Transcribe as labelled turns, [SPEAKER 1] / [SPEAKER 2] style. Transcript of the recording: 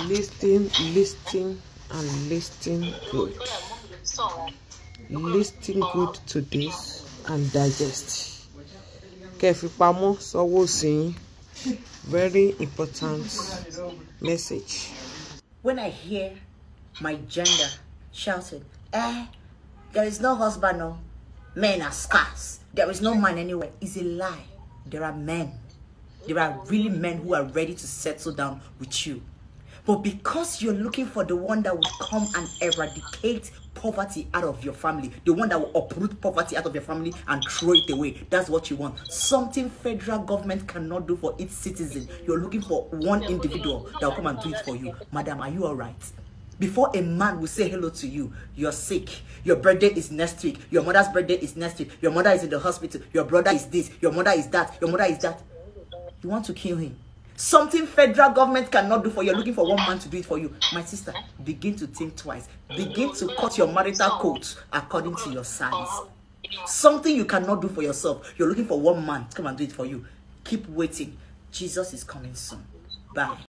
[SPEAKER 1] listing listing and listing good listing good to this and digest we'll see. very important message.
[SPEAKER 2] when i hear my gender shouted eh there is no husband no men are scarce there is no man anywhere is a lie there are men there are really men who are ready to settle down with you But because you're looking for the one that will come and eradicate poverty out of your family, the one that will uproot poverty out of your family and throw it away, that's what you want. Something federal government cannot do for its citizen. You're looking for one individual that will come and do it for you. Madam, are you all right? Before a man will say hello to you, you're sick. Your birthday is next week. Your mother's birthday is next week. Your mother is in the hospital. Your brother is this. Your mother is that. Your mother is that. You want to kill him. Something federal government cannot do for you. You're looking for one man to do it for you. My sister, begin to think twice. Begin to cut your marital coat according to your size. Something you cannot do for yourself. You're looking for one man to come and do it for you. Keep waiting. Jesus is coming soon. Bye.